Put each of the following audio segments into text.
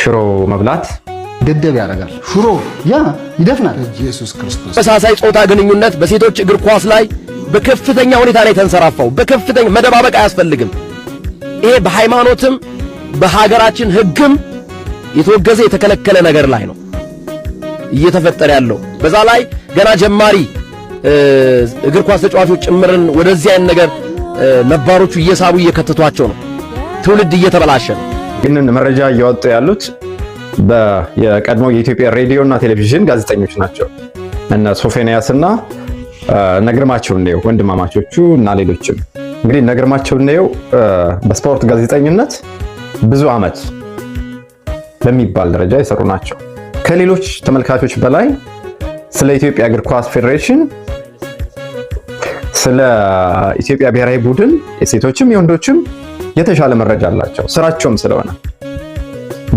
ሽሮ መብላት ደደብ ያደርጋል። ሽሮ ያ ይደፍናል። ኢየሱስ ክርስቶስ ተመሳሳይ ጾታ ግንኙነት በሴቶች እግር ኳስ ላይ በከፍተኛ ሁኔታ ላይ ተንሰራፋው። በከፍተኛ መደባበቅ አያስፈልግም። ይሄ በሃይማኖትም በሀገራችን ሕግም የተወገዘ የተከለከለ ነገር ላይ ነው እየተፈጠረ ያለው። በዛ ላይ ገና ጀማሪ እግር ኳስ ተጫዋቾች ጭምርን ወደዚህ አይነት ነገር ነባሮቹ እየሳቡ እየከተቷቸው ነው። ትውልድ እየተበላሸ ነው። ይህንን መረጃ እያወጡ ያሉት የቀድሞ የኢትዮጵያ ሬዲዮ እና ቴሌቪዥን ጋዜጠኞች ናቸው። እነ ሶፌንያስ እና ነግርማቸው እንየው ወንድማማቾቹ እና ሌሎችም እንግዲህ ነግርማቸው እንየው በስፖርት ጋዜጠኝነት ብዙ ዓመት በሚባል ደረጃ የሰሩ ናቸው። ከሌሎች ተመልካቾች በላይ ስለ ኢትዮጵያ እግር ኳስ ፌዴሬሽን፣ ስለ ኢትዮጵያ ብሔራዊ ቡድን የሴቶችም የወንዶችም የተሻለ መረጃ አላቸው ስራቸውም ስለሆነ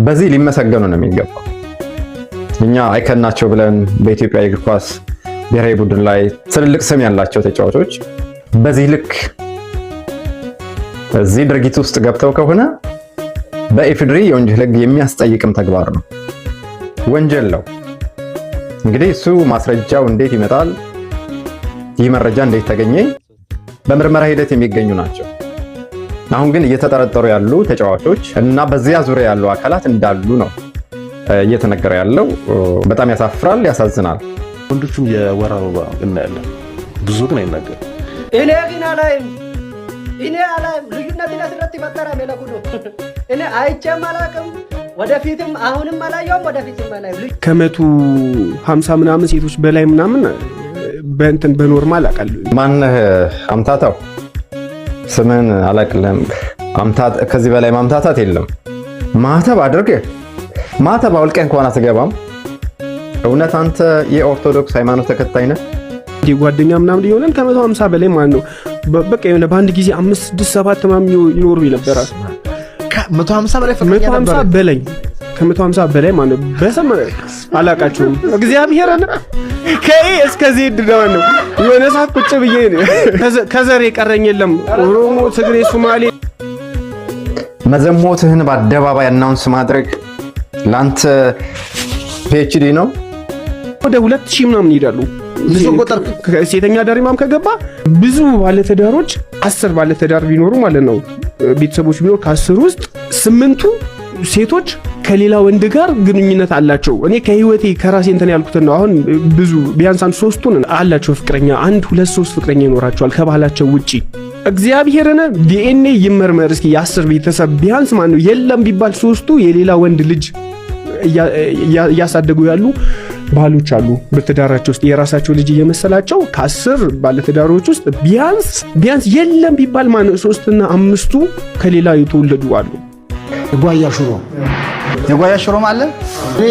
በዚህ ሊመሰገኑ ነው የሚገባው። እኛ አይከናቸው ብለን በኢትዮጵያ የእግር ኳስ ብሔራዊ ቡድን ላይ ትልልቅ ስም ያላቸው ተጫዋቾች በዚህ ልክ እዚህ ድርጊት ውስጥ ገብተው ከሆነ በኢፍድሪ የወንጀል ሕግ የሚያስጠይቅም ተግባር ነው። ወንጀል ነው እንግዲህ እሱ ማስረጃው እንዴት ይመጣል? ይህ መረጃ እንዴት ተገኘ? በምርመራ ሂደት የሚገኙ ናቸው። አሁን ግን እየተጠረጠሩ ያሉ ተጫዋቾች እና በዚያ ዙሪያ ያሉ አካላት እንዳሉ ነው እየተነገረ ያለው። በጣም ያሳፍራል፣ ያሳዝናል። ወንዶቹም የወር አበባ እናያለን። ብዙ ግን አይናገር። እኔ ግን አላይም፣ እኔ አላይም። ልዩነት ነስረት ይፈጠራ ሜለጉዶ እኔ አይቼም አላቅም፣ ወደፊትም አሁንም አላየውም፣ ወደፊትም አላይም። ከመቶ ሀምሳ ምናምን ሴቶች በላይ ምናምን በእንትን በኖርማል አውቃለሁ። ማነህ አምታታው ስምን አላቅልም። ከዚህ በላይ ማምታታት የለም። ማተብ አድርግ። ማተብ አውልቀህ እንኳን አትገባም። እውነት አንተ የኦርቶዶክስ ሃይማኖት ተከታይ ነህ? እንዲህ ጓደኛ ምናምን የሆነን ከመቶ ሃምሳ በላይ ማለት ነው። በቃ የሆነ በአንድ ጊዜ አምስት ስድስት ሰባት ምናምን ይኖሩ ነበራል። ከመቶ ሃምሳ በላይ ከመቶ 150 በላይ ማለት በሰም አላቃችሁም። እግዚአብሔርን ከኤ እስከ ዜድ ደዋን ነው የሆነ ሰዓት ቁጭ ብዬ ከዘር የቀረኝ የለም። ኦሮሞ፣ ትግሬ፣ ሶማሌ መዘሞትህን በአደባባይ አናውንስ ማድረግ ለአንተ ፒኤችዲ ነው። ወደ ሁለት ሺህ ምናምን ይሄዳሉ። ብዙ ቁጥር ሴተኛ አዳሪ ማም ከገባ ብዙ ባለትዳሮች አስር ባለትዳር ቢኖሩ ማለት ነው ቤተሰቦች ቢኖር ከአስር ውስጥ ስምንቱ ሴቶች ከሌላ ወንድ ጋር ግንኙነት አላቸው። እኔ ከህይወቴ ከራሴ እንትን ያልኩትን ነው። አሁን ብዙ ቢያንስ አንድ ሶስቱን አላቸው ፍቅረኛ፣ አንድ ሁለት ሶስት ፍቅረኛ ይኖራቸዋል ከባህላቸው ውጪ። እግዚአብሔርን ዲኤንኤ ይመርመር እስኪ የአስር ቤተሰብ ቢያንስ ማን ነው የለም ቢባል ሶስቱ የሌላ ወንድ ልጅ እያሳደጉ ያሉ ባሎች አሉ። በትዳራቸው ውስጥ የራሳቸው ልጅ እየመሰላቸው ከአስር ባለትዳሮች ውስጥ ቢያንስ ቢያንስ የለም ቢባል ማን ሶስትና አምስቱ ከሌላ የተወለዱ አሉ። ጓያ ሽሮ የጓያ ሽሮም አለ።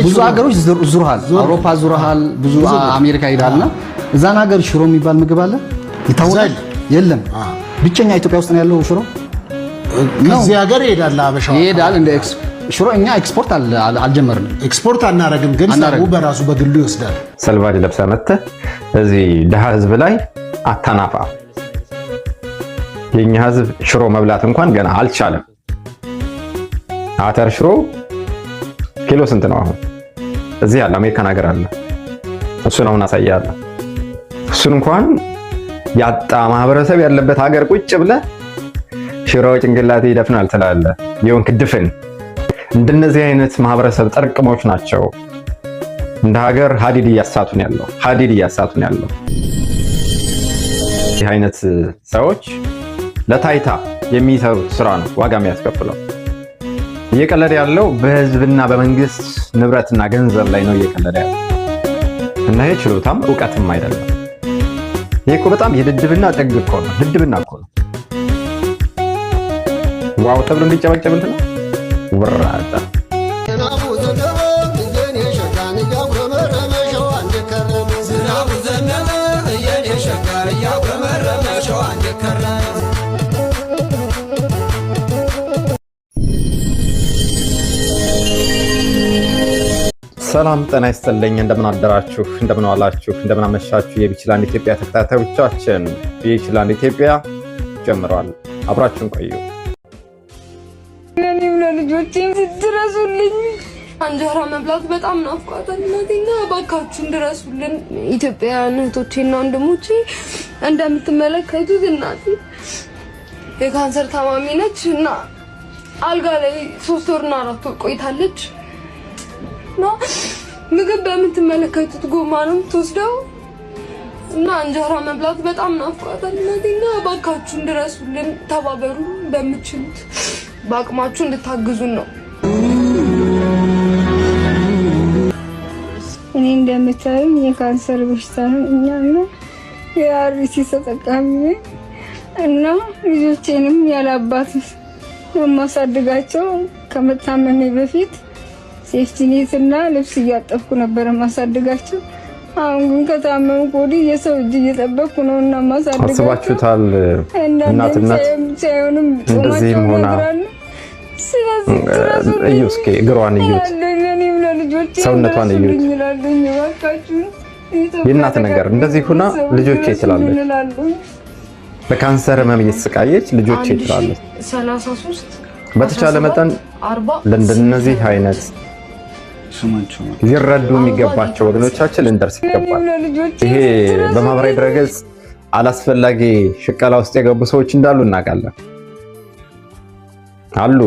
ብዙ ሀገሮች ዙርሃል፣ አውሮፓ ዙርሃል፣ ብዙ አሜሪካ እና እዛን ሀገር ሽሮ የሚባል ምግብ አለ ይታወቃል። የለም ብቸኛ ኢትዮጵያ ውስጥ ነው ያለው ሽሮ። እዚህ ሀገር ይሄዳል፣ አበሻ ይሄዳል። እንደ ሽሮ እኛ ኤክስፖርት አልጀመርንም፣ ኤክስፖርት አናረግም። ግን ሰው በራሱ በግሉ ይወስዳል። ሰልቫጅ ለብሰህ መጥተህ እዚህ ድሃ ህዝብ ላይ አታናፋ። የእኛ ህዝብ ሽሮ መብላት እንኳን ገና አልቻለም። አተር ሽሮ ኪሎ ስንት ነው አሁን? እዚህ አለ አሜሪካን ሀገር አለ። እሱን አሁን አሳያለሁ። እሱን እንኳን ያጣ ማህበረሰብ ያለበት ሀገር ቁጭ ብለ ሽራው ጭንግላት ይደፍናል ትላለህ። የሆንክ ድፍን እንደነዚህ አይነት ማህበረሰብ ጠርቅሞች ናቸው እንደ ሀገር ሀዲድ እያሳቱን ያለው ሀዲድ እያሳቱን ያለው ይህ አይነት ሰዎች ለታይታ የሚሰሩት ስራ ነው ዋጋ የሚያስከፍለው። እየቀለደ ያለው በህዝብና በመንግስት ንብረትና ገንዘብ ላይ ነው እየቀለደ ያለው እና ይህ ችሎታም እውቀትም አይደለም። ይህ እኮ በጣም የድድብና ጥግ እኮ ነው። ድድብና እኮ ነው። ዋው ተብሎ እንዲጨበጨብ ነው ወራዳ ሰላም ጤና ይስጥልኝ። እንደምን አደራችሁ፣ እንደምን ዋላችሁ፣ እንደምን አመሻችሁ የቢችላንድ ኢትዮጵያ ተከታታዮቻችን። ቢችላንድ ኢትዮጵያ ጀምሯል። አብራችሁን ቆዩ። ለኔም ለልጆቼም ስትረሱልኝ እንጀራ መብላት በጣም ናፍቋታል እናቴና፣ እባካችሁ እንድረሱልን። ኢትዮጵያውያን እህቶቼና ወንድሞቼ እንደምትመለከቱት እናቴ የካንሰር ታማሚ ነች እና አልጋ ላይ ሶስት ወርና አራት ወር ቆይታለች። ነው። ምግብ በምትመለከቱት ጎማ ነው የምትወስደው እና እንጀራ መብላት በጣም ናፍቋታል እና እባካችሁን ድረሱልን፣ ተባበሩ። በምችሉት በአቅማችሁ እንድታግዙን ነው። እኔ እንደምታዩኝ የካንሰር በሽታ ነው። እኛም የአርሲ ተጠቃሚ እና ልጆቼንም ያለ አባት የማሳድጋቸው ከመታመሜ በፊት ሴፍቲኔትና ልብስ እያጠፍኩ ነበረ ማሳድጋቸው። አሁን ግን ከታመምኩ ወዲህ የሰው እጅ እየጠበቅኩ ነው እና ማሳድጋቸው። አስባችሁታል? እናትነት ሳይሆንም እንደዚህ ሆና እስኪ እግሯን እዩት፣ ሰውነቷን እዩት። የእናት ነገር እንደዚህ ሁና ልጆቼ ትላለች። በካንሰር ህመም እየተሰቃየች ልጆቼ ትላለች። በተቻለ መጠን ለእንደነዚህ አይነት ሊረዱ የሚገባቸው ወገኖቻችን ልንደርስ ይገባል። ይሄ በማህበራዊ ድረገጽ አላስፈላጊ ሽቀላ ውስጥ የገቡ ሰዎች እንዳሉ እናውቃለን። አሉ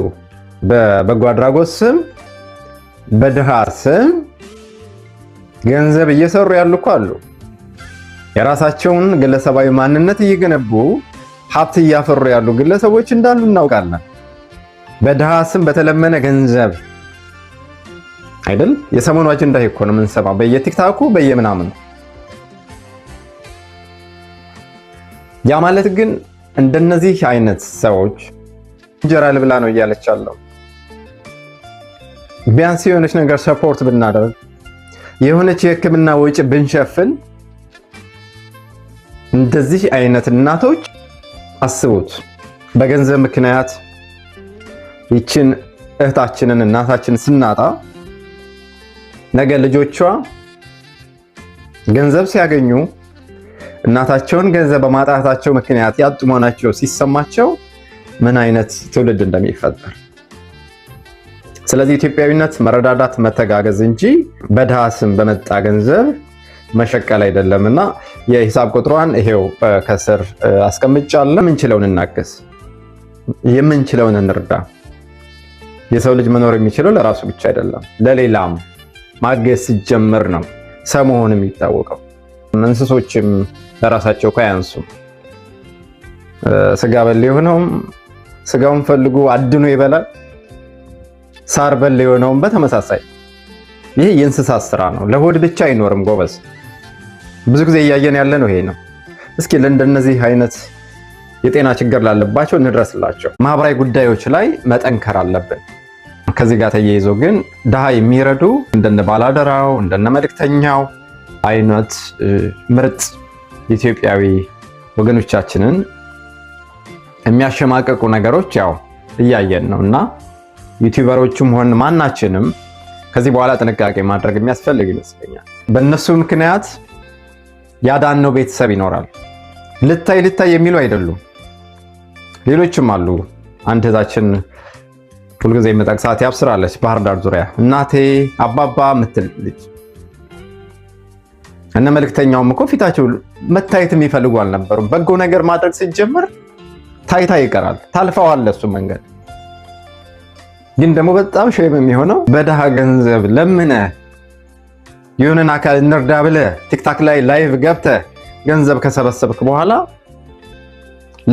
በበጎ አድራጎት ስም በድሃ ስም ገንዘብ እየሰሩ ያሉ እኮ አሉ። የራሳቸውን ግለሰባዊ ማንነት እየገነቡ ሀብት እያፈሩ ያሉ ግለሰቦች እንዳሉ እናውቃለን። በድሃ ስም በተለመነ ገንዘብ አይደል? የሰሞኑ አጀንዳ እኮ ነው የምንሰማው በየቲክታኩ በየምናምን። ያ ማለት ግን እንደነዚህ አይነት ሰዎች እንጀራ ልብላ ነው እያለች አለው። ቢያንስ የሆነች ነገር ሰፖርት ብናደርግ የሆነች የሕክምና ወጪ ብንሸፍን እንደዚህ አይነት እናቶች አስቡት፣ በገንዘብ ምክንያት ይችን እህታችንን እናታችን ስናጣ ነገ ልጆቿ ገንዘብ ሲያገኙ እናታቸውን ገንዘብ በማጣታቸው ምክንያት ያጡ መሆናቸው ሲሰማቸው ምን አይነት ትውልድ እንደሚፈጠር። ስለዚህ ኢትዮጵያዊነት መረዳዳት፣ መተጋገዝ እንጂ በድሃ ስም በመጣ ገንዘብ መሸቀል አይደለም እና የሂሳብ ቁጥሯን ይሄው ከስር አስቀምጫለሁ። የምንችለውን እናገዝ፣ የምንችለውን እንርዳ። የሰው ልጅ መኖር የሚችለው ለራሱ ብቻ አይደለም፣ ለሌላም ማገዝ ሲጀምር ነው ሰሞኑን የሚታወቀው። እንስሶችም ለራሳቸው አያንሱም። ስጋ በል የሆነውም ስጋውን ፈልጎ አድኖ ይበላል። ሳር በል የሆነውም በተመሳሳይ ይህ የእንስሳት ስራ ነው። ለሆድ ብቻ አይኖርም ጎበዝ። ብዙ ጊዜ እያየን ያለ ነው ይሄ ነው። እስኪ ለእንደነዚህ አይነት የጤና ችግር ላለባቸው እንድረስላቸው። ማህበራዊ ጉዳዮች ላይ መጠንከር አለብን። ከዚህ ጋር ተያይዞ ግን ድሃ የሚረዱ እንደነ ባላደራው እንደነ መልክተኛው አይነት ምርጥ ኢትዮጵያዊ ወገኖቻችንን የሚያሸማቀቁ ነገሮች ያው እያየን ነው እና ዩቲዩበሮቹም ሆን ማናችንም ከዚህ በኋላ ጥንቃቄ ማድረግ የሚያስፈልግ ይመስለኛል። በእነሱ ምክንያት ያዳነው ቤተሰብ ይኖራል። ልታይ ልታይ የሚሉ አይደሉም። ሌሎችም አሉ። አንድ እህታችን ሁልጊዜ የምጠቅሳት ያብስራለች ባህር ዳር ዙሪያ እናቴ አባባ ምትል ልጅ እነ መልክተኛውም እኮ ፊታቸው መታየት የሚፈልጉ አልነበሩም። በጎ ነገር ማድረግ ሲጀምር ታይታ ይቀራል፣ ታልፈዋል እሱ መንገድ። ግን ደግሞ በጣም ሸም የሚሆነው በድሃ ገንዘብ ለምነ የሆነን አካል እንርዳ ብለ ቲክታክ ላይ ላይቭ ገብተ ገንዘብ ከሰበሰብክ በኋላ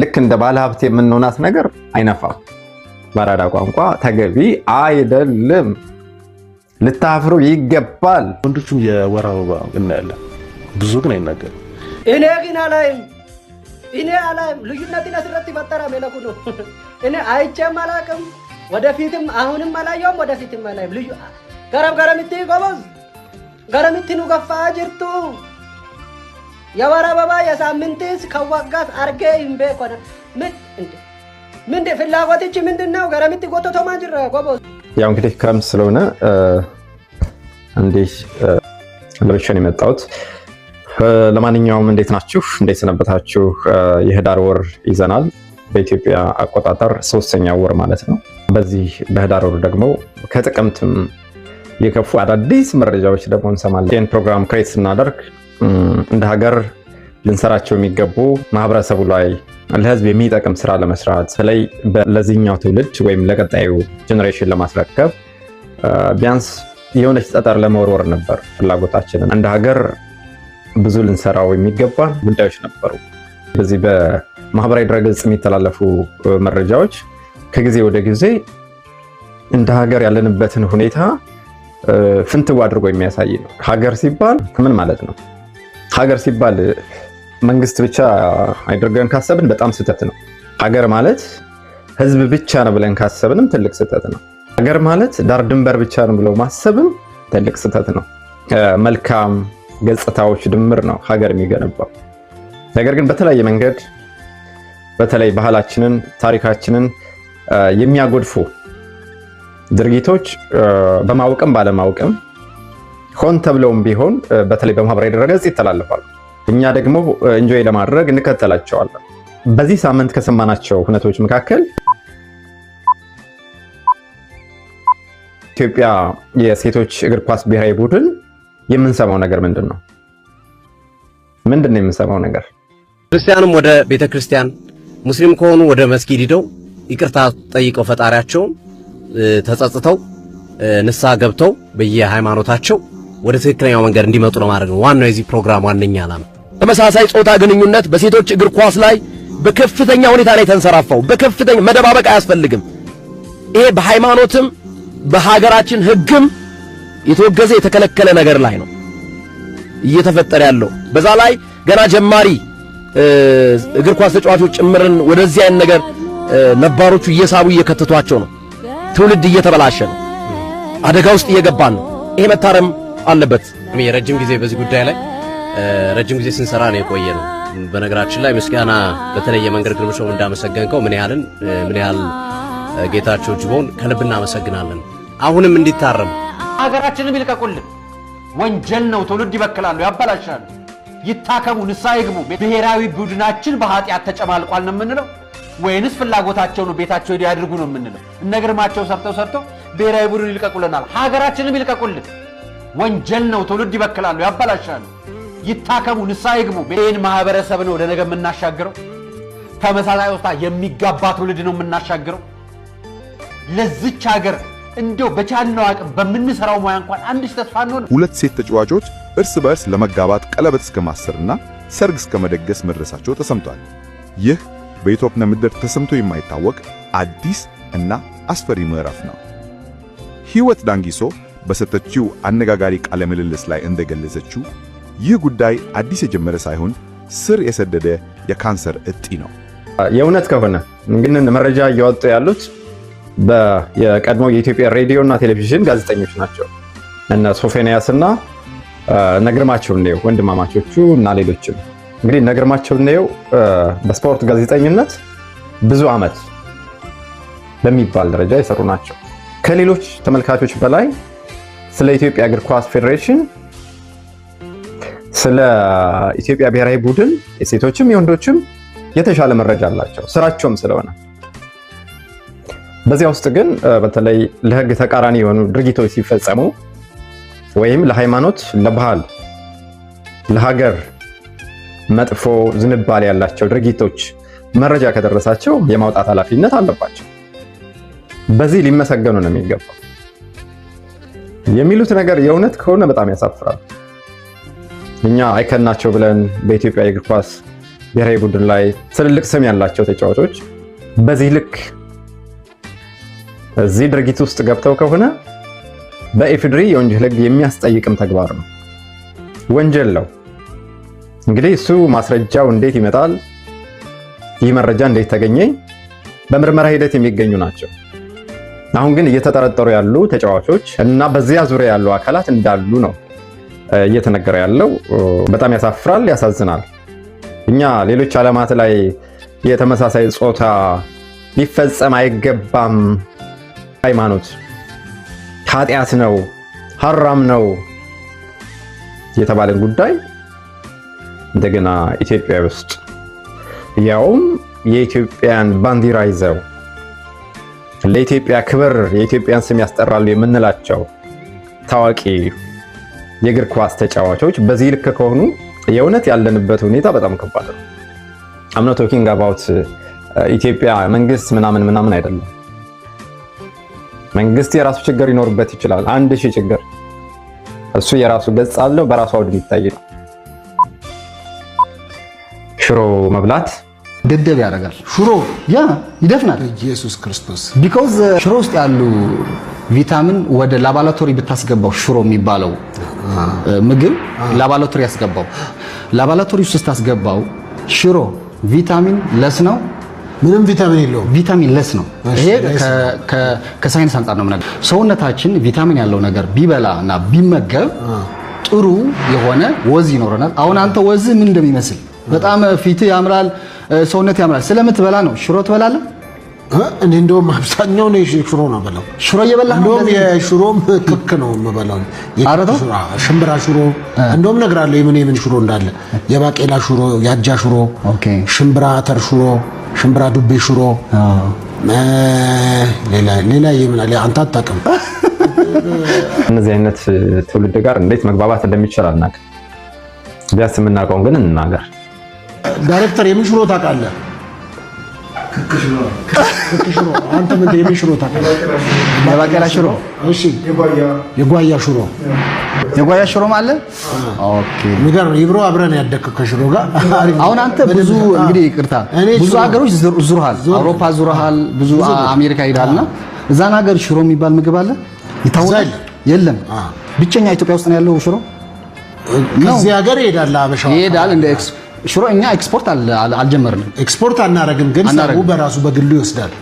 ልክ እንደ ባለሀብት የምንሆናት ነገር አይነፋም። በአራዳ ቋንቋ ተገቢ አይደለም። ልታፍሩ ይገባል። ወንዶቹም የወር አበባ እናያለን፣ ብዙ ግን አይናገር። እኔ ግን አላይም፣ እኔ አላይም። ልዩነትን ስረት ይፈጠራ መለኩ ነው። እኔ አይቼም አላቅም፣ ወደፊትም አሁንም አላየውም፣ ወደፊትም አላይም። ልዩ ገረም ገረምት ጎበዝ ገረምትኑ ገፋ ጅርቱ የወር አበባ የሳምንትስ ከዋጋት አርጌ ይንቤ ኮነ ምን ምን ምንድን ነው? ገረምት ጎተቶ ማጅረ ጎበዝ። ያው እንግዲህ ክረምት ስለሆነ እንዲህ ለብሼ ነው የመጣሁት። ለማንኛውም እንዴት ናችሁ? እንዴት ሰነበታችሁ? የህዳር ወር ይዘናል። በኢትዮጵያ አቆጣጠር ሶስተኛ ወር ማለት ነው። በዚህ በህዳር ወር ደግሞ ከጥቅምትም የከፉ አዳዲስ መረጃዎች ደግሞ እንሰማለን። ይህን ፕሮግራም ክሬት ስናደርግ እንደ ሀገር ልንሰራቸው የሚገቡ ማህበረሰቡ ላይ ለህዝብ የሚጠቅም ስራ ለመስራት በተለይ ለዚህኛው ትውልድ ወይም ለቀጣዩ ጀኔሬሽን ለማስረከብ ቢያንስ የሆነች ጠጠር ለመወርወር ነበር ፍላጎታችንን። እንደ ሀገር ብዙ ልንሰራው የሚገባ ጉዳዮች ነበሩ። በዚህ በማህበራዊ ድረገጽ የሚተላለፉ መረጃዎች ከጊዜ ወደ ጊዜ እንደ ሀገር ያለንበትን ሁኔታ ፍንትው አድርጎ የሚያሳይ ነው። ሀገር ሲባል ምን ማለት ነው? ሀገር ሲባል መንግስት ብቻ አይደርገን ካሰብን በጣም ስህተት ነው። ሀገር ማለት ህዝብ ብቻ ነው ብለን ካሰብንም ትልቅ ስህተት ነው። ሀገር ማለት ዳር ድንበር ብቻ ነው ብለው ማሰብም ትልቅ ስህተት ነው። መልካም ገጽታዎች ድምር ነው ሀገር የሚገነባው። ነገር ግን በተለያየ መንገድ በተለይ ባህላችንን፣ ታሪካችንን የሚያጎድፉ ድርጊቶች በማወቅም ባለማወቅም ሆን ተብለውም ቢሆን በተለይ በማህበራዊ ድረገጽ ይተላለፋሉ። እኛ ደግሞ እንጆይ ለማድረግ እንከተላቸዋለን። በዚህ ሳምንት ከሰማናቸው ሁነቶች መካከል ኢትዮጵያ የሴቶች እግር ኳስ ብሔራዊ ቡድን የምንሰማው ነገር ምንድን ነው? ምንድን ነው የምንሰማው ነገር? ክርስቲያንም ወደ ቤተ ክርስቲያን፣ ሙስሊም ከሆኑ ወደ መስጊድ ሂደው ይቅርታ ጠይቀው ፈጣሪያቸውን ተጸጽተው ንስሐ ገብተው በየሃይማኖታቸው ወደ ትክክለኛው መንገድ እንዲመጡ ለማድረግ ነው ዋናው የዚህ ፕሮግራም ዋነኛ ዓላማ። ተመሳሳይ ጾታ ግንኙነት በሴቶች እግር ኳስ ላይ በከፍተኛ ሁኔታ ላይ ተንሰራፋው። በከፍተኛ መደባበቅ አያስፈልግም። ይሄ በሃይማኖትም በሀገራችን ሕግም የተወገዘ የተከለከለ ነገር ላይ ነው እየተፈጠረ ያለው። በዛ ላይ ገና ጀማሪ እግር ኳስ ተጫዋቾች ጭምርን ወደዚህ አይነት ነገር ነባሮቹ እየሳቡ እየከተቷቸው ነው። ትውልድ እየተበላሸ ነው፣ አደጋ ውስጥ እየገባን ነው። ይሄ መታረም አለበት። የረጅም ጊዜ በዚህ ጉዳይ ላይ ረጅም ጊዜ ስንሰራ ነው የቆየ ነው። በነገራችን ላይ ምስጋና በተለየ መንገድ ግርምሾ እንዳመሰገንከው ምን ያህልን ምን ያህል ጌታቸው ጅቦን ከልብ እናመሰግናለን። አሁንም እንዲታረሙ ሀገራችንም ይልቀቁልን። ወንጀል ነው። ትውልድ ይበክላሉ፣ ያበላሻሉ። ይታከሙ፣ ንስሐ ይግቡ። ብሔራዊ ቡድናችን በኃጢአት ተጨማልቋል ነው የምንለው ወይንስ ፍላጎታቸው ነው ቤታቸው ሄደው ያድርጉ ነው የምንለው? እነ ግርማቸው ሰርተው ሰርተው ብሔራዊ ቡድን ይልቀቁልናል፣ ሀገራችንም ይልቀቁልን። ወንጀል ነው። ትውልድ ይበክላሉ፣ ያበላሻሉ። ይታከሙ፣ ንሳ ይግቡ። ይህን ማህበረሰብ ነው ወደ ነገ የምናሻግረው። ተመሳሳይ ወስታ የሚጋባ ትውልድ ነው የምናሻግረው። ለዚች ሀገር እንዲው በቻልነው አቅም በምንሰራው ሙያ እንኳን አንድ ተስፋ እንሆን። ሁለት ሴት ተጫዋቾች እርስ በእርስ ለመጋባት ቀለበት እስከ ማሰርና ሰርግ እስከ መደገስ መድረሳቸው ተሰምቷል። ይህ በኢትዮጵያ ምድር ተሰምቶ የማይታወቅ አዲስ እና አስፈሪ ምዕራፍ ነው። ሕይወት ዳንጊሶ በሰጠችው አነጋጋሪ ቃለ ምልልስ ላይ እንደገለጸችው ይህ ጉዳይ አዲስ የጀመረ ሳይሆን ስር የሰደደ የካንሰር እጢ ነው። የእውነት ከሆነ ግን መረጃ እያወጡ ያሉት የቀድሞ የኢትዮጵያ ሬዲዮ እና ቴሌቪዥን ጋዜጠኞች ናቸው እነ ሶፌንያስ እና ነግርማቸው እንየው ወንድማማቾቹ እና ሌሎችም። እንግዲህ ነግርማቸው እንየው በስፖርት ጋዜጠኝነት ብዙ ዓመት በሚባል ደረጃ የሰሩ ናቸው። ከሌሎች ተመልካቾች በላይ ስለ ኢትዮጵያ እግር ኳስ ፌዴሬሽን ስለ ኢትዮጵያ ብሔራዊ ቡድን የሴቶችም የወንዶችም የተሻለ መረጃ አላቸው ስራቸውም ስለሆነ። በዚያ ውስጥ ግን በተለይ ለህግ ተቃራኒ የሆኑ ድርጊቶች ሲፈጸሙ ወይም ለሃይማኖት፣ ለባህል፣ ለሀገር መጥፎ ዝንባሌ ያላቸው ድርጊቶች መረጃ ከደረሳቸው የማውጣት ኃላፊነት አለባቸው። በዚህ ሊመሰገኑ ነው የሚገባው። የሚሉት ነገር የእውነት ከሆነ በጣም ያሳፍራል። እኛ አይከን ናቸው ብለን በኢትዮጵያ የእግር ኳስ ብሔራዊ ቡድን ላይ ትልልቅ ስም ያላቸው ተጫዋቾች በዚህ ልክ እዚህ ድርጊት ውስጥ ገብተው ከሆነ በኤፍድሪ የወንጀል ሕግ የሚያስጠይቅም ተግባር ነው። ወንጀል ነው። እንግዲህ እሱ ማስረጃው እንዴት ይመጣል? ይህ መረጃ እንዴት ተገኘ? በምርመራ ሂደት የሚገኙ ናቸው። አሁን ግን እየተጠረጠሩ ያሉ ተጫዋቾች እና በዚያ ዙሪያ ያሉ አካላት እንዳሉ ነው እየተነገረ ያለው በጣም ያሳፍራል፣ ያሳዝናል። እኛ ሌሎች ዓለማት ላይ የተመሳሳይ ጾታ ሊፈጸም አይገባም፣ ሃይማኖት ኃጢአት ነው፣ ሀራም ነው የተባለን ጉዳይ እንደገና ኢትዮጵያ ውስጥ ያውም የኢትዮጵያን ባንዲራ ይዘው ለኢትዮጵያ ክብር የኢትዮጵያን ስም ያስጠራሉ የምንላቸው ታዋቂ የእግር ኳስ ተጫዋቾች በዚህ ልክ ከሆኑ የእውነት ያለንበት ሁኔታ በጣም ከባድ ነው። አምኖ ቶኪንግ አባውት ኢትዮጵያ መንግስት ምናምን ምናምን አይደለም። መንግስት የራሱ ችግር ይኖርበት ይችላል። አንድ ሺህ ችግር እሱ የራሱ ገጽ አለው፣ በራሱ አውድ የሚታይ ነው። ሽሮ መብላት ደደብ ያደርጋል። ሽሮ ያ ይደፍናል። ኢየሱስ ክርስቶስ ቢኮዝ uh, ሽሮ ውስጥ ያሉ ቪታሚን ወደ ላቦራቶሪ ብታስገባው ሽሮ የሚባለው ምግብ ላቦራቶሪ ያስገባው ላቦራቶሪ ውስጥ ስታስገባው ሽሮ ቪታሚን ለስ ነው። ምንም ቪታሚን የለውም። ቪታሚን ለስ ነው። ይሄ ከሳይንስ አንጻር ነው ሰውነታችን ቪታሚን ያለው ነገር ቢበላ እና ቢመገብ ጥሩ የሆነ ወዝ ይኖረናል። አሁን አንተ ወዝ ምን እንደሚመስል በጣም ፊት ያምራል፣ ሰውነት ያምራል። ስለምትበላ ነው። ሽሮ ትበላለህ እኔ እንደውም አብዛኛው ነው ሽሮ ነው በለው። ሽሮ እየበላ እንደውም የሽሮም ክክ ነው የምበላው። ሽምብራ ሽሮ እንደውም እነግራለሁ የምን የምን ሽሮ እንዳለ የባቄላ ሽሮ፣ የአጃ ሽሮ፣ ሽምብራ አተር ሽሮ፣ ሽምብራ ዱቤ ሽሮ፣ ሌላ የምን አለ አንተ አታውቅም። እነዚህ አይነት ትውልድ ጋር እንዴት መግባባት እንደሚቻል አናውቅም። ቢያንስ የምናውቀውን ግን እንናገር። ዳይሬክተር የምን ሽሮ ታውቃለህ? ሽሮ አንተ ምን የምን ሽሮ ታውቃለህ? የባቄላ ሽሮ። እሺ፣ የጓያ ሽሮ የጓያ ሽሮ ማለት ኦኬ፣ ምገር ይብሮ አብረን ያደግከው ከሽሮ ጋር። አሁን አንተ ብዙ እንግዲህ ይቅርታ፣ ብዙ ሀገሮች ዙርሃል፣ አውሮፓ ዙርሃል፣ ብዙ አሜሪካ ሄዳልና እዛን ሀገር ሽሮ የሚባል ምግብ አለ ይታወቃል? የለም። ብቸኛ ኢትዮጵያ ውስጥ ነው ያለው ሽሮ። ከዚህ ሀገር ይሄዳል፣ አበሻው ይሄዳል እንደ ኤክስ ሽሮ እኛ ኤክስፖርት አልጀመርንም። ኤክስፖርት አናረግም፣ ግን ሰው በራሱ በግሉ ይወስዳል።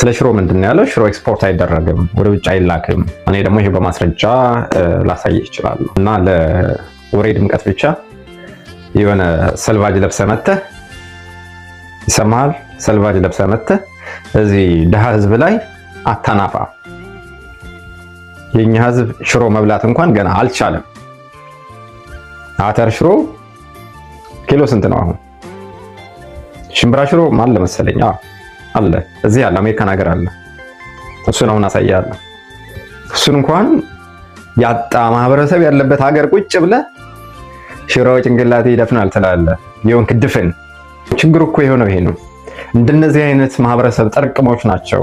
ስለ ሽሮ ምንድን ነው ያለው? ሽሮ ኤክስፖርት አይደረግም፣ ወደ ውጭ አይላክም። እኔ ደግሞ ይሄ በማስረጃ ላሳይ ይችላሉ። እና ለወሬ ድምቀት ብቻ የሆነ ሰልቫጅ ለብሰ መተ ይሰማል። ሰልቫጅ ለብሰ መተ እዚህ ድሃ ህዝብ ላይ አታናፋ። የኛ ህዝብ ሽሮ መብላት እንኳን ገና አልቻለም። አተር ሽሮ ኪሎ ስንት ነው አሁን? ሽምብራ ሽሮ ማለ መሰለኝ አለ እዚህ አለ አሜሪካን ሀገር አለ። እሱን አሁን አሳያለሁ። እሱን እንኳን ያጣ ማህበረሰብ ያለበት ሀገር ቁጭ ብለ ሽሮ ጭንቅላቴ ይደፍናል ትላለህ። የሆንክ ድፍን ችግሩ እኮ የሆነው ይሄ ነው። እንደነዚህ አይነት ማህበረሰብ ጠርቅሞች ናቸው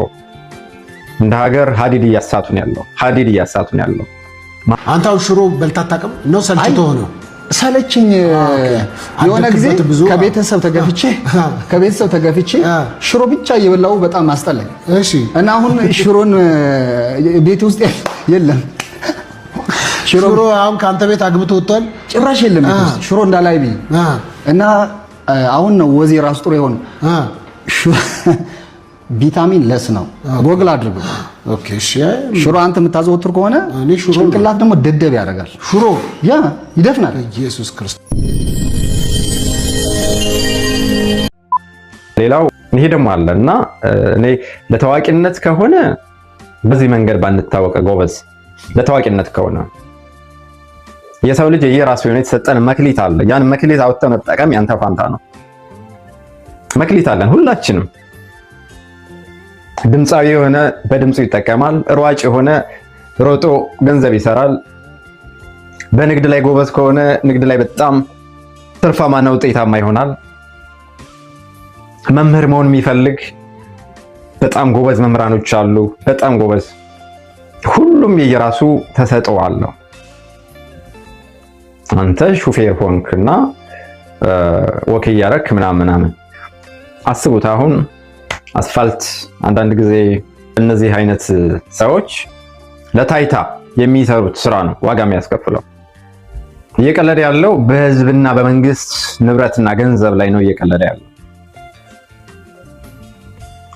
እንደ ሀገር ሀዲድ እያሳቱን ያለው ሀዲድ እያሳቱን ያለው። አንተ አሁን ሽሮ በልተህ ነው ሰልችቶ ነው ሰለችኝ የሆነ ጊዜ ከቤተሰብ ተገፍቼ ከቤተሰብ ተገፍቼ ሽሮ ብቻ እየበላው በጣም አስጠላኝ። እሺ እና አሁን ሽሮን ቤት ውስጥ የለም። ሽሮ አሁን ከአንተ ቤት አግብቶ ወጥቷል። ጭራሽ የለም ሽሮ እንዳላይ ብዬ እና አሁን ነው ወዜ ራሱ ጥሩ የሆነ ቪታሚን ለስ ነው። ጎግል አድርጉ። ኦኬ እሺ። ሽሮ አንተ የምታዘወትር ከሆነ ጭንቅላት ደግሞ ደደብ ያደርጋል። ሽሮ ያ ይደፍናል። ኢየሱስ ክርስቶስ። ሌላው ይሄ ደግሞ አለ እና እኔ ለታዋቂነት ከሆነ በዚህ መንገድ ባንታወቀ ጎበዝ፣ ለታዋቂነት ከሆነ የሰው ልጅ የየራሱ የሆነ የተሰጠን መክሊት አለ። ያን መክሊት አውጥተን መጠቀም ያንተ ፋንታ ነው። መክሊት አለን ሁላችንም ድምፃዊ የሆነ በድምፁ ይጠቀማል። ሯጭ የሆነ ሮጦ ገንዘብ ይሰራል። በንግድ ላይ ጎበዝ ከሆነ ንግድ ላይ በጣም ትርፋማና ውጤታማ ይሆናል። መምህር መሆን የሚፈልግ በጣም ጎበዝ መምህራኖች አሉ። በጣም ጎበዝ ሁሉም የየራሱ ተሰጥኦ አለው። አንተ ሹፌር ሆንክ እና ወክ እያረክ ምናምን ምናምን አስቡት አሁን አስፋልት አንዳንድ ጊዜ እነዚህ አይነት ሰዎች ለታይታ የሚሰሩት ስራ ነው ዋጋ የሚያስከፍለው። እየቀለደ ያለው በህዝብና በመንግስት ንብረትና ገንዘብ ላይ ነው እየቀለደ ያለው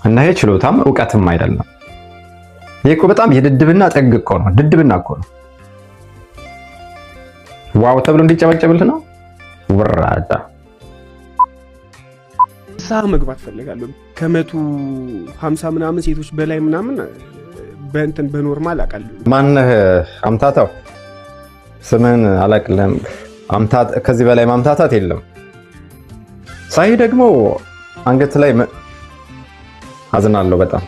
እና ይሄ ችሎታም እውቀትም አይደለም። ይሄ እኮ በጣም የድድብና ጥግ እኮ ነው። ድድብና እኮ ነው። ዋው ተብሎ እንዲጨበጨብልህ ነው። ውራዳ ንስሐ መግባት ፈልጋለሁ። ከመቶ ሀምሳ ምናምን ሴቶች በላይ ምናምን በእንትን በኖርማል አውቃለሁ። ማነህ አምታታው? ስምን አላቅለም። ከዚህ በላይ ማምታታት የለም። ሳይ ደግሞ አንገት ላይ አዝናለሁ በጣም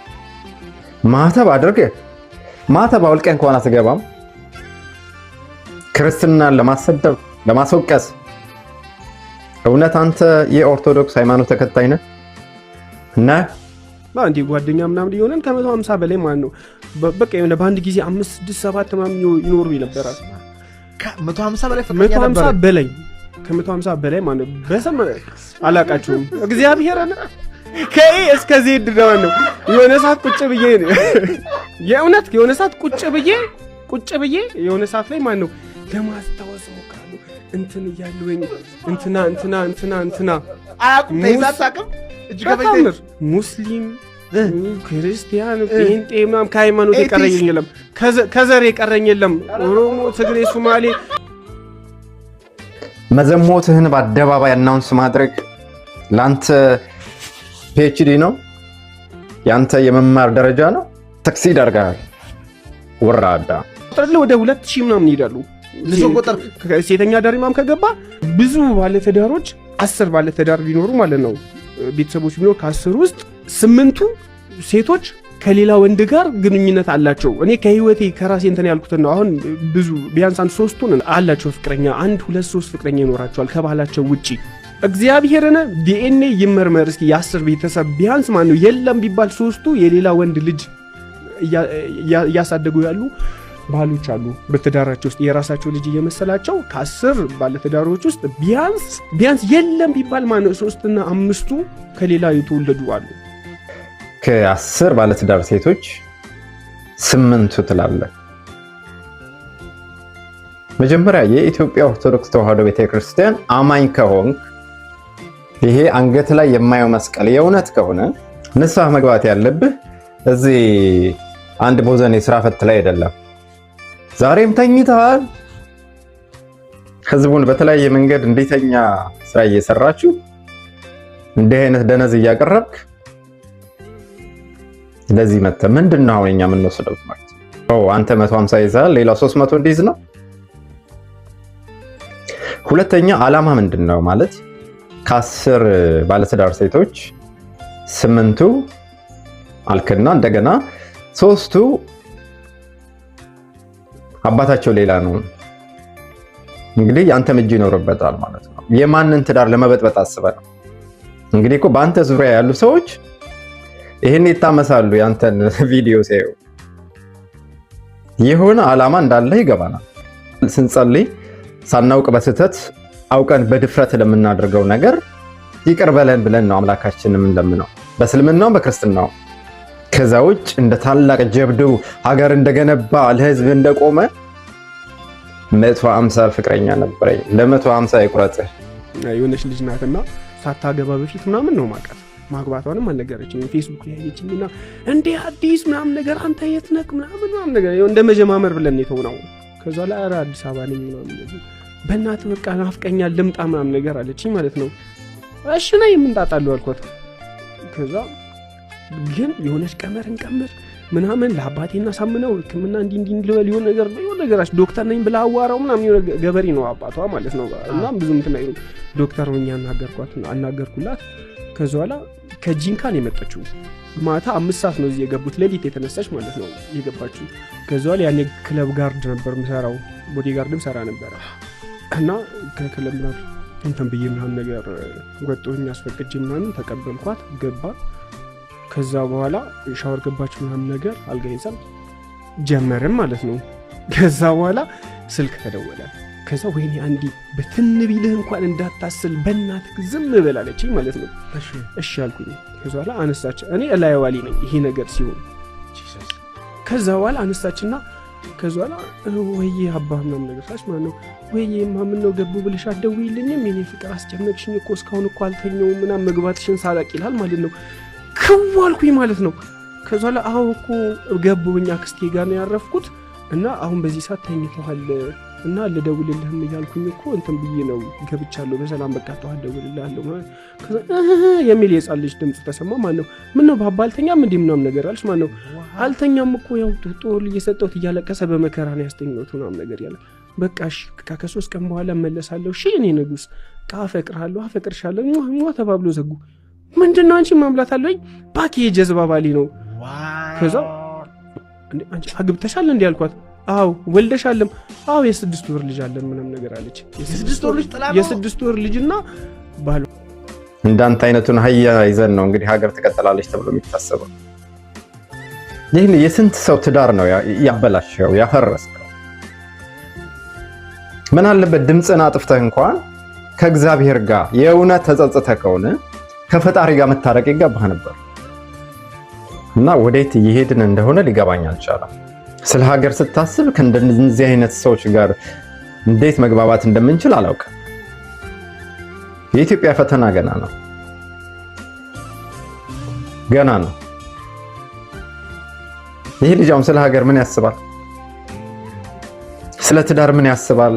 ማተብ አድርገ ማተብ አውልቀን እንኳን አትገባም። ክርስትናን ለማሰደብ ለማስወቀስ እውነት አንተ የኦርቶዶክስ ሃይማኖት ተከታይ ነህ? እና እንዲ ጓደኛ ምናምን የሆነን ከመቶ ሃምሳ በላይ ማለት ነው። በቃ የሆነ በአንድ ጊዜ አምስት ስድስት ሰባት ምናምን ይኖሩ ይነበራል። ከመቶ ሃምሳ በላይ ከመቶ ሃምሳ በላይ ማለት ነው። በስም አላውቃቸውም። እግዚአብሔር ነ ከኤ እስከ ዜድ ደዋን ነው። የሆነ ሰዓት ቁጭ ብዬ የእውነት የሆነ ሰዓት ቁጭ ብዬ ቁጭ ብዬ የሆነ ሰዓት ላይ ማለት ነው ለማስታወስ ሞካ እንትን ወይ እንትና እንትና እንትና እንትና አያቁም ሙስሊም ክርስቲያን ጴንጤ ምናምን ከሃይማኖት የቀረኝ የለም፣ ከዘር የቀረኝ የለም። ኦሮሞ፣ ትግሬ፣ ሱማሌ መዘሞትህን በአደባባይ አናውንስ ማድረግ ለአንተ ፒኤችዲ ነው፣ የአንተ የመማር ደረጃ ነው። ተክሲድ አድርገሃል። ወራዳ ወደ ሁለት ሺህ ምናምን ይሄዳሉ። ልጆ ልቆጠር ሴተኛ አዳሪ ማም ከገባ ብዙ ባለትዳሮች አስር ባለትዳር ቢኖሩ ማለት ነው ቤተሰቦች ቢኖር ከአስር ውስጥ ስምንቱ ሴቶች ከሌላ ወንድ ጋር ግንኙነት አላቸው። እኔ ከህይወቴ ከራሴ እንትን ያልኩት ነው። አሁን ብዙ ቢያንስ አንድ ሶስቱን አላቸው ፍቅረኛ፣ አንድ ሁለት ሶስት ፍቅረኛ ይኖራቸዋል ከባህላቸው ውጪ። እግዚአብሔርን ዲኤንኤ ይመርመር እስኪ የአስር ቤተሰብ ቢያንስ ማን ነው የለም ቢባል ሶስቱ የሌላ ወንድ ልጅ እያሳደጉ ያሉ ባህሎች አሉ። በትዳራቸው ውስጥ የራሳቸው ልጅ እየመሰላቸው ከአስር ባለትዳሮች ውስጥ ቢያንስ ቢያንስ የለም ቢባል ማነው ሶስትና አምስቱ ከሌላ የተወለዱ አሉ። ከአስር ባለትዳር ሴቶች ስምንቱ ትላለ። መጀመሪያ የኢትዮጵያ ኦርቶዶክስ ተዋህዶ ቤተክርስቲያን አማኝ ከሆንክ ይሄ አንገት ላይ የማየው መስቀል የእውነት ከሆነ ንስሐ መግባት ያለብህ እዚህ አንድ ቦዘን የስራ ፈት ላይ አይደለም። ዛሬም ተኝተሃል። ህዝቡን በተለያየ መንገድ እንዲተኛ ስራ እየሰራችሁ እንዲህ አይነት ደነዝ እያቀረብክ ለዚህ መተ ምንድን ነው አሁን እኛ የምንወስደው ትምህርት? አንተ 150 ይዛል ሌላ 300 እንዲይዝ ነው። ሁለተኛ አላማ ምንድን ነው ማለት ከአስር ባለትዳር ሴቶች ስምንቱ አልክና እንደገና ሶስቱ አባታቸው ሌላ ነው። እንግዲህ የአንተም እጅ ይኖርበታል ማለት ነው። የማንን ትዳር ለመበጥበጥ አስበ ነው? እንግዲህ እኮ በአንተ ዙሪያ ያሉ ሰዎች ይህን ይታመሳሉ። ያንተን ቪዲዮ ሲያዩ የሆነ ዓላማ እንዳለ ይገባናል። ስንጸልይ ሳናውቅ በስህተት አውቀን በድፍረት ለምናደርገው ነገር ይቅር በለን ብለን ነው አምላካችን የምንለምነው በእስልምናውም በክርስትናውም ከዛ ውጭ እንደ ታላቅ ጀብዱ ሀገር እንደገነባ ለህዝብ እንደቆመ 150 ፍቅረኛ ነበረኝ። ለ150 ይቁረጥህ። የሆነች ልጅ ናትና ሳታገባ በፊት ምናምን ነው ማቀት ማግባቷንም አልነገረችም። ፌስቡክ ላይ ያየችኝና እንዴ አዲስ ምናምን ነገር አንተ የት ነህ ምናምን ምናምን ነገር እንደ መጀማመር ብለን የተውነው። ከዛ ላይ ኧረ አዲስ አበባ ነኝ ምናምን ነገር በእናትህ በቃ ናፍቀኛል ልምጣ ምናምን ነገር አለችኝ ማለት ነው። እሽ ነይ የምንጣጣሉ አልኳት። ከዛ ግን የሆነች ቀመር እንቀምር ምናምን ለአባቴ እናሳምነው ህክምና እንዲ እንዲ ልበል የሆን ነገር የሆን ነገራች ዶክተር ነኝ ብላ አዋራው ምናምን የሆነ ገበሬ ነው አባቷ ማለት ነው። እናም ብዙ ምትን ምትና ዶክተር ሆኜ አናገርኳት አናገርኩላት። ከዚ በኋላ ከጂንካን የመጠችው ማታ አምስት ሰዓት ነው እዚህ የገቡት ለሊት የተነሳች ማለት ነው የገባችው። ከዚ በኋላ ያኔ ክለብ ጋርድ ነበር ምሰራው ቦዲ ጋርድም ሰራ ነበረ እና ከክለብ ምናምን እንትን ብዬ ምናምን ነገር ወጥቶኝ አስፈቅጄ ምናምን ተቀበልኳት ገባ ከዛ በኋላ ሻወር ገባች ምናምን ነገር አልጋ ጀመርም ማለት ነው። ከዛ በኋላ ስልክ ተደወለ። ከዛ ወይኔ አንዲ በትን ቢልህ እንኳን እንዳታስል በእናትህ ዝም በላለች ማለት ነው። እሺ አልኩኝ። ከዛ በኋላ አነሳች። እኔ እላይዋሊ ነኝ ይሄ ነገር ሲሆን፣ ከዛ በኋላ አነሳችና ከዛ በኋላ ወይ አባ ምናምን ነገር ሳች ማለት ነው። ወይ ማምን ነው ገቡ ብልሽ አትደውይልኝም? የኔ ፍቅር አስጨነቅሽኝ እኮ እስካሁን እኮ አልተኘው ምናም መግባትሽን ሳላቅ ይላል ማለት ነው። ክዋልኩኝ ማለት ነው። ከዛ ላ አሁ እኮ ገቡኝ ክስቴ ጋር ነው ያረፍኩት እና አሁን በዚህ ሰዓት ተኝተኋል እና ልደውልልህም እያልኩኝ እኮ እንትን ብዬ ነው ገብቻለሁ። በሰላም በቃ ጠዋት እደውልልሃለሁ የሚል የጻን ልጅ ድምፅ ተሰማ። ማን ነው? ምን ነው ባባ አልተኛም እንዲህ ምናም ነገር አለች። ማን ነው? አልተኛም እኮ ያው ጦር እየሰጠሁት እያለቀሰ በመከራ ነው ያስተኛሁት ምናምን ነገር ያለ በቃ ከሶስት ቀን በኋላ መለሳለሁ እሺ እኔ ንጉስ ቃ አፈቅርሃለሁ፣ አፈቅርሻለሁ ተባብሎ ዘጉ። ምንድን ነው አንቺ ማምላት አለኝ ባክ የጀዝባ ባሊ ነው። ከዛ አንቺ አግብተሻል እንዲ አልኳት አዎ ወልደሻለም፣ አዎ የስድስት ወር ልጅ አለን ምንም ነገር አለች። የስድስት ወር ልጅ እና እንዳንተ አይነቱን ሀያ ይዘን ነው እንግዲህ ሀገር ትቀጥላለች ተብሎ የሚታሰበው። ይህን የስንት ሰው ትዳር ነው ያበላሸው ያፈረስከው። ምን አለበት ድምፅን አጥፍተህ እንኳን ከእግዚአብሔር ጋር የእውነት ተጸጽተህ ከሆነ ከፈጣሪ ጋር መታረቅ ይገባህ ነበር እና ወዴት እየሄድን እንደሆነ ሊገባኝ አልቻለም። ስለ ሀገር ስታስብ ከእንደዚህ አይነት ሰዎች ጋር እንዴት መግባባት እንደምንችል አላውቅም። የኢትዮጵያ ፈተና ገና ነው፣ ገና ነው። ይህ ልጃም ስለ ሀገር ምን ያስባል? ስለ ትዳር ምን ያስባል?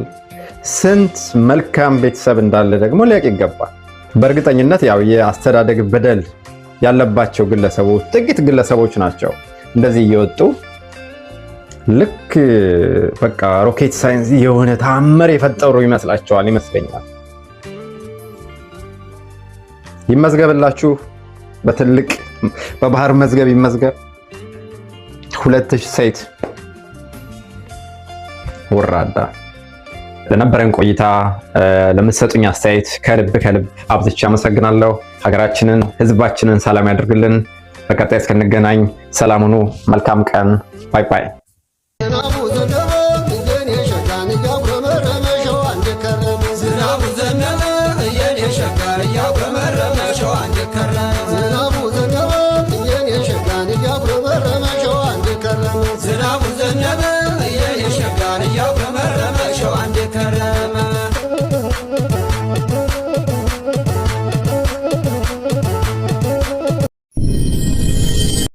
ስንት መልካም ቤተሰብ እንዳለ ደግሞ ሊያውቅ ይገባል። በእርግጠኝነት ያው የአስተዳደግ በደል ያለባቸው ግለሰቦች ጥቂት ግለሰቦች ናቸው እንደዚህ እየወጡ ልክ በቃ ሮኬት ሳይንስ የሆነ ተአምር የፈጠሩ ይመስላቸዋል ይመስለኛል። ይመዝገብላችሁ በትልቅ በባህር መዝገብ ይመዝገብ። ሁለት ሴት ወራዳ ለነበረን ቆይታ ለምትሰጡኝ አስተያየት ከልብ ከልብ አብዝቼ አመሰግናለሁ። ሀገራችንን ህዝባችንን ሰላም ያደርግልን። በቀጣይ እስክንገናኝ ሰላም ሁኑ። መልካም ቀን። ባይ ባይ።